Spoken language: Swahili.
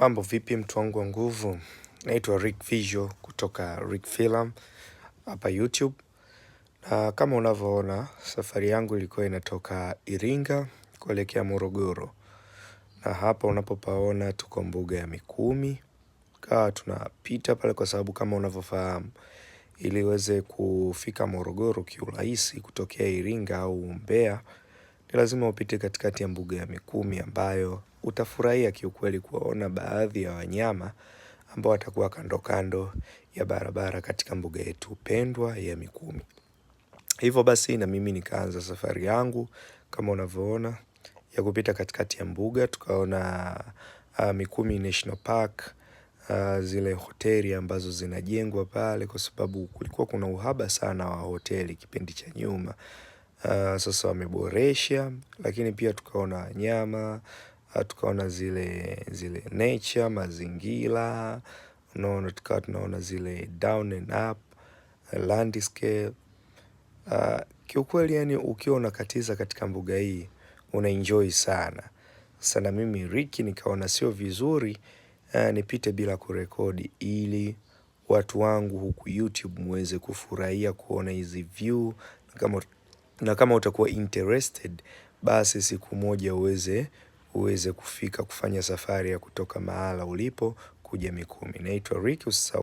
Mambo vipi mtu wangu wa nguvu, naitwa Rick Visual kutoka Rick Film hapa YouTube, na kama unavyoona safari yangu ilikuwa inatoka Iringa kuelekea Morogoro, na hapa unapopaona tuko mbuga ya Mikumi, kawa tunapita pale kwa sababu kama unavyofahamu, ili uweze kufika Morogoro kiurahisi kutokea Iringa au Mbeya, ni lazima upite katikati ya mbuga ya Mikumi ambayo Utafurahia kiukweli kuwaona baadhi ya wanyama ambao watakuwa kando kando ya barabara katika mbuga yetu pendwa ya Mikumi. Hivyo basi na mimi nikaanza safari yangu kama unavyoona ya kupita katikati ya mbuga, tukaona uh, Mikumi National Park uh, zile hoteli ambazo zinajengwa pale, kwa sababu kulikuwa kuna uhaba sana wa hoteli kipindi cha nyuma. Uh, sasa wameboresha, lakini pia tukaona wanyama tukaona zile zile nature, mazingira, unaona tukawa tunaona zile down and up, landscape. Uh, kiukweli yani ukiwa unakatiza katika mbuga hii unaenjoy sana sana. Mimi Riki nikaona sio vizuri uh, nipite bila kurekodi ili watu wangu huku YouTube muweze kufurahia kuona hizi view na kama, na kama utakuwa interested basi siku moja uweze uweze kufika kufanya safari ya kutoka mahala ulipo kuja Mikumi. Naitwa Rick usisahau